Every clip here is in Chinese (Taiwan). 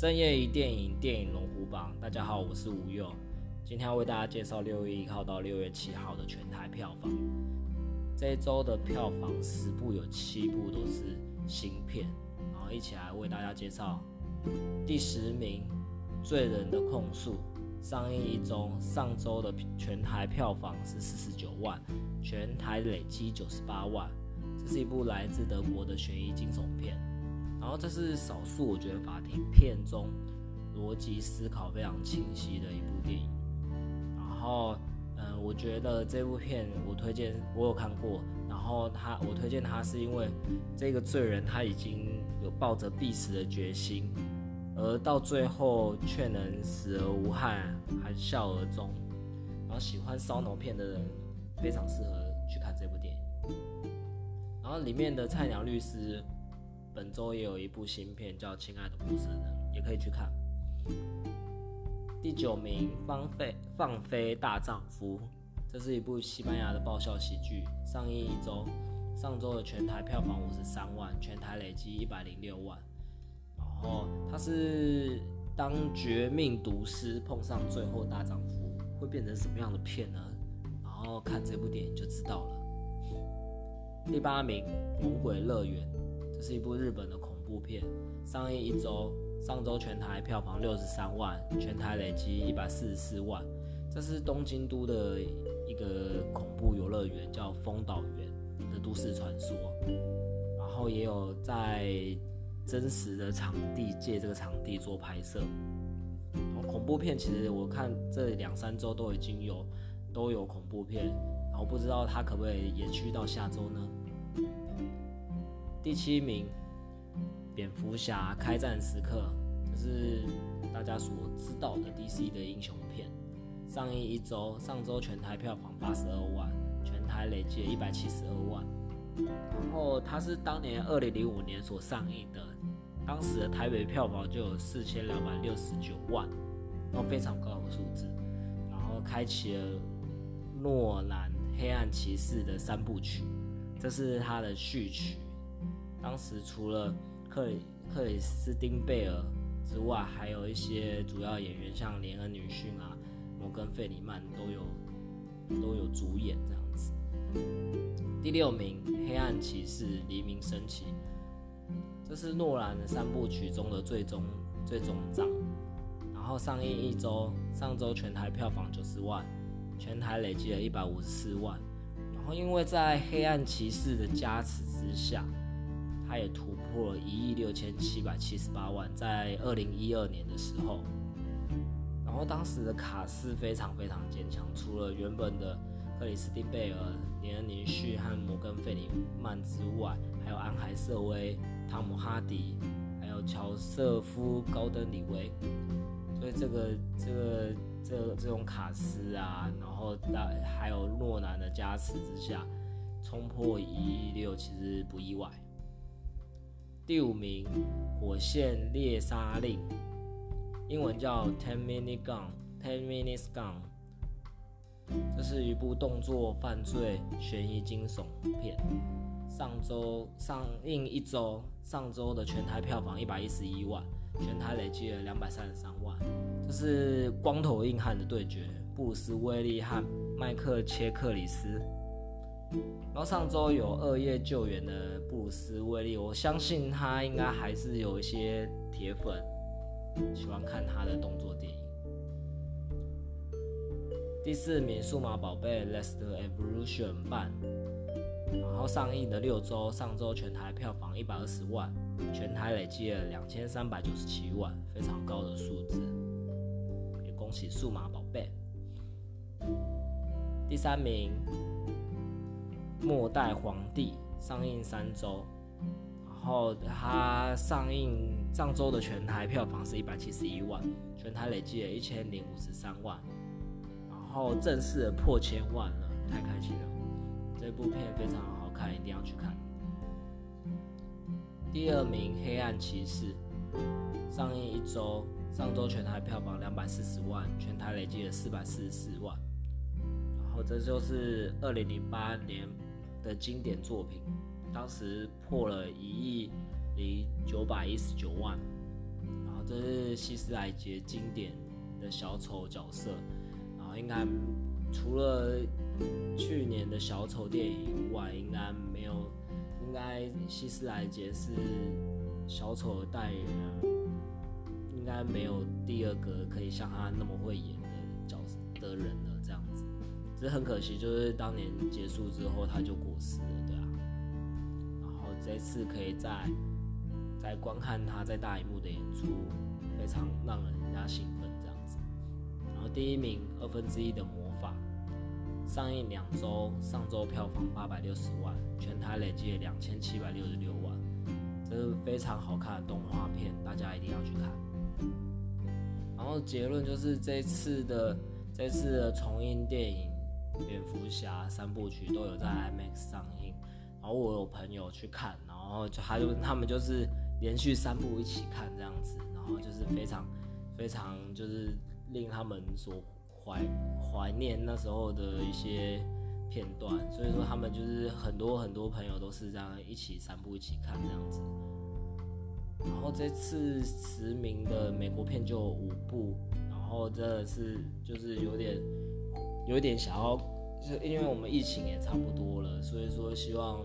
深夜一電影電影龍虎榜，大家好，我是吳佑，今天要為大家介紹六月一號到六月七號的全台票房。這一周的票房十部有七部都是新片，然後一起來為大家介紹第十名《罪人的控訴》。上映一週，上周的全台票房是四十九萬，全台累積九十八萬。這是一部來自德國的懸疑驚悚片。然後這是少數我覺得法庭片中邏輯思考非常清晰的一部電影。然後，嗯、呃，我覺得這部片我推薦，我有看過。然後他，我推薦他是因為這個罪人他已經有抱着必死的決心，而到最後卻能死而無憾，含笑而終。然後喜歡燒腦片的人非常適合去看這部電影。然後裡面的菜鳥律師。本周也有一部新片叫《親愛的陌生人》，也可以去看。第九名《放飛放飛大丈夫》，這是一部西班牙的爆笑喜劇，上映一周，上周的全台票房五十三萬，全台累計一百零六萬。然後它是當絕命毒師碰上最後大丈夫，會變成什麼樣的片呢？然後看這部電影就知道了。第八名《猛鬼樂園》。是一部日本的恐怖片，上映一周，上周全台票房六十三萬，全台累積一百四十四萬。這是東京都的一個恐怖遊樂園，叫豐島園的都市傳說。然後也有在真實的場地借這個場地做拍攝。哦，恐怖片其實我看這兩三周都已經有都有恐怖片，然後不知道它可不可以延續到下周呢？第七名，《蝙蝠俠：開戰時刻》就，這是大家所知道的 DC 的英雄片。上映一周，上周全台票房八十二萬，全台累計一百七十二萬。然後它是當年二零零五年所上映的，當時的台北票房就有四千兩百六十九萬，那非常高的數字。然後開啟了諾蘭《黑暗騎士》的三部曲，這是它的序曲。當時除了克里克里斯丁貝爾之外，還有一些主要演員，像連恩·尼遜啊、摩根·弗里曼都有都有主演這樣子。第六名，《黑暗騎士：黎明升起》，這是諾蘭的三部曲中的最終最終章。然後上映一周，上周全台票房九十萬，全台累計了一百五十四萬。然後因為在《黑暗騎士》的加持之下。它也突破了一億六千七百七十八萬，在二零一二年的時候，然後當時的卡斯非常非常堅強，除了原本的克里斯汀貝爾、連恩尼遜和摩根費里曼之外，還有安海瑟薇、湯姆哈迪，還有喬瑟夫高登李維，所以這個這個這個、這種卡斯啊，然後在還有諾蘭的加持之下，衝破一億六其實不意外。第五名，《火線獵殺令》，英文叫《Ten Minute Gone, Ten Minutes Gone》，這是一部動作、犯罪、懸疑、驚悚片。上周上映一周，上周的全台票房一百一十一萬，全台累計了兩百三十三萬。這是光頭硬漢的對決，布魯斯·威利和邁克切克里斯。然後上周有惡夜救援的布魯斯威利，我相信他應該還是有一些鐵粉喜歡看他的動作電影。第四名數碼寶貝 LAST Evolution 絆，然後上映的六周，上周全台票房一百二十萬，全台累計了兩千三百九十七萬，非常高的數字，也恭喜數碼寶貝。第三名。末代皇帝上映三周，然後它上映上周的全台票房是一百七十一萬，全台累計了一千零五十三萬，然後正式的破千萬了，太開心了！這部片非常好看，一定要去看。第二名，《黑暗騎士》上映一周，上周全台票房兩百四十萬，全台累計了四百四十四萬，然後這就是二零零八年。的經典作品，當時破了一億零九百一十九萬，然後這是希斯萊傑經典的小丑角色，然後應該除了去年的小丑電影以外，應該沒有，應該希斯萊傑是小丑的代言人，啊，應該沒有第二個可以像他那麼會演的角色的人了，這樣子。只很可惜，就是當年結束之後他就過世，對吧、啊？然後這次可以再再觀看他在大熒幕的演出，非常讓人家興奮這樣子。然後第一名二分之一的魔法上映兩周，上周票房八百六十萬，全台累計兩千七百六十六萬，這是非常好看的動畫片，大家一定要去看。然後結論就是這次的這次的重映電影。蝙蝠俠三部曲都有在 IMAX 上映，然後我有朋友去看，然後就他就他們就是連續三部一起看這樣子，然後就是非常非常就是令他們所懷懷念那時候的一些片段，所以說他們就是很多很多朋友都是這樣一起三部一起看這樣子，然後這次實名的美國片就有五部，然後真的是就是有點有點想要。就是因為我們疫情也差不多了，所以說希望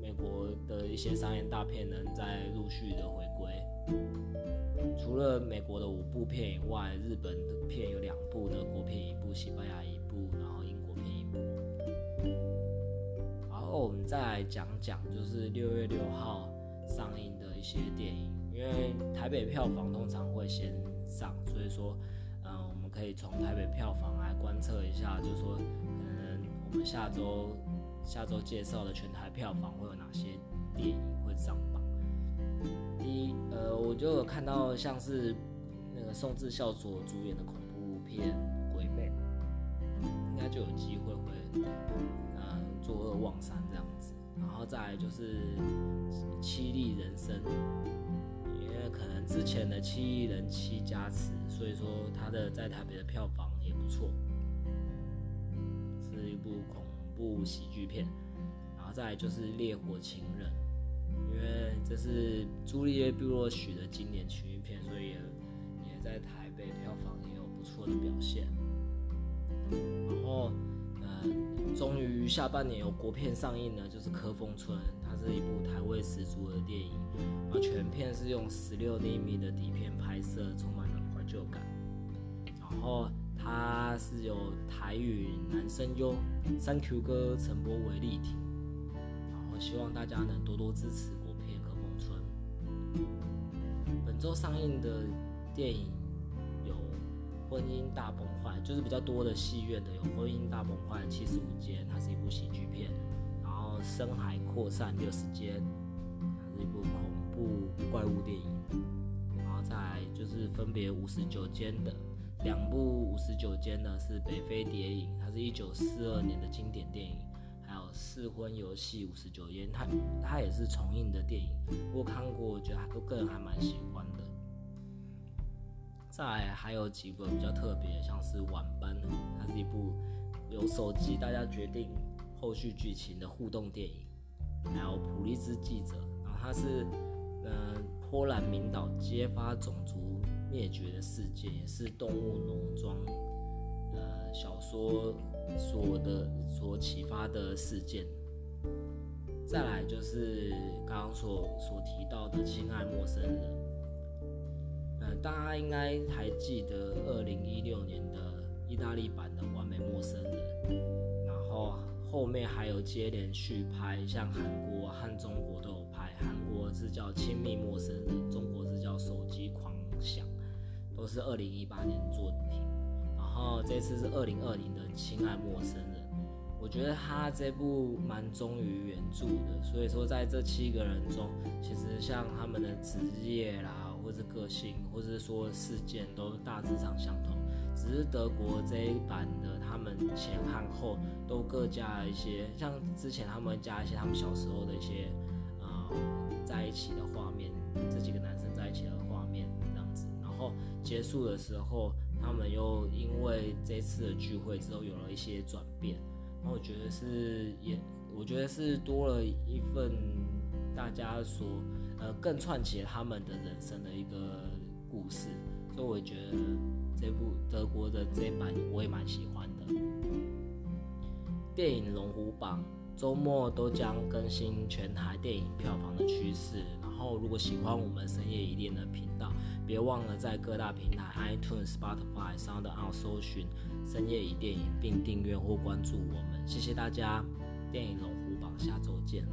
美國的一些商業大片能再陸續的回歸。除了美國的五部片以外，日本的片有兩部，德國片一部，西班牙一部，然後英國片一部。然後我們再來講講，就是六月六號上映的一些電影，因為台北票房通常會先上，所以說，嗯，我們可以從台北票房來觀測一下，就是說。下周下週介紹的全台票房會有哪些電影會上榜？第一，呃，我就有看到像是那個宋智孝所主演的恐怖片《鬼魅》，應該就有機會會，嗯、呃，坐二望三這樣子。然後再來就是《七億人生》，因為可能之前的《七億人氣加持》，所以說他的在台北的票房也不錯。部喜劇片，然後再來就是《烈火情人》，因為這是朱麗葉·比諾什的經典情慾片，所以也,也在台北票房也有不錯的表現。然後，呃、終於下半年有國片上映了，就是《蚵豐村》，它是一部台味十足的電影，而全片是用十六厘米的底片拍攝，充滿了懷舊感。然後，它是有台語。聲優三 Q 哥陳柏惟力挺，然後希望大家能多多支持國片和農村。本周上映的電影有《婚姻大崩壞》，就是比較多的戲院的有《婚姻大崩壞》七十五間，它是一部喜劇片；然後《深海擴散》六十間，它是一部恐怖怪物電影；然後再就是分別五十九間的。兩部五十九間呢，是北非諜影，它是一九四二年的經典電影，還有試婚遊戲五十九間，它它也是重映的電影，我看過，我覺得都個人還蠻喜歡的。再還有幾部比較特別，像是晚班，它是一部由手機大家決定後續劇情的互動電影，還有普利茲記者，然後它是嗯、呃、波蘭名導揭發種族。滅絕的世界也是動物農莊，呃，小說說的所啟發的事件。再來就是剛剛所所提到的《親愛陌生人》，呃，大家應該還記得二零一六年的意大利版的《完美陌生人》，然後、啊、後面還有接連續拍，像韓國和中國都有拍。韓國是叫《親密陌生人》，中國是叫《手機狂想》。都是二零一八年作品，然後這次是二零二零的《親愛陌生人》，我覺得他這部蠻忠於原著的，所以說在這七個人中，其實像他們的職業啦，或是個性，或者是說事件，都大致上相同，只是德國這一版的他們前和後都各加了一些，像之前他們加一些他們小時候的一些、呃，在一起的畫面，這幾個男。結束的時候，他們又因為這次的聚會之後有了一些轉變，然後我覺得是也，我覺得是多了一份大家所呃更串起他們的人生的一個故事，所以我覺得這部德國的這一版我也蠻喜歡的。電影《龍虎榜》。週末都將更新全台電影票房的趨勢。然後，如果喜歡我們深夜一電的頻道，別忘了在各大平台、iTunes、Spotify、SoundOn 上都搜尋“深夜一電影”並訂閱或關注我們。謝謝大家！電影龍虎榜，下周見。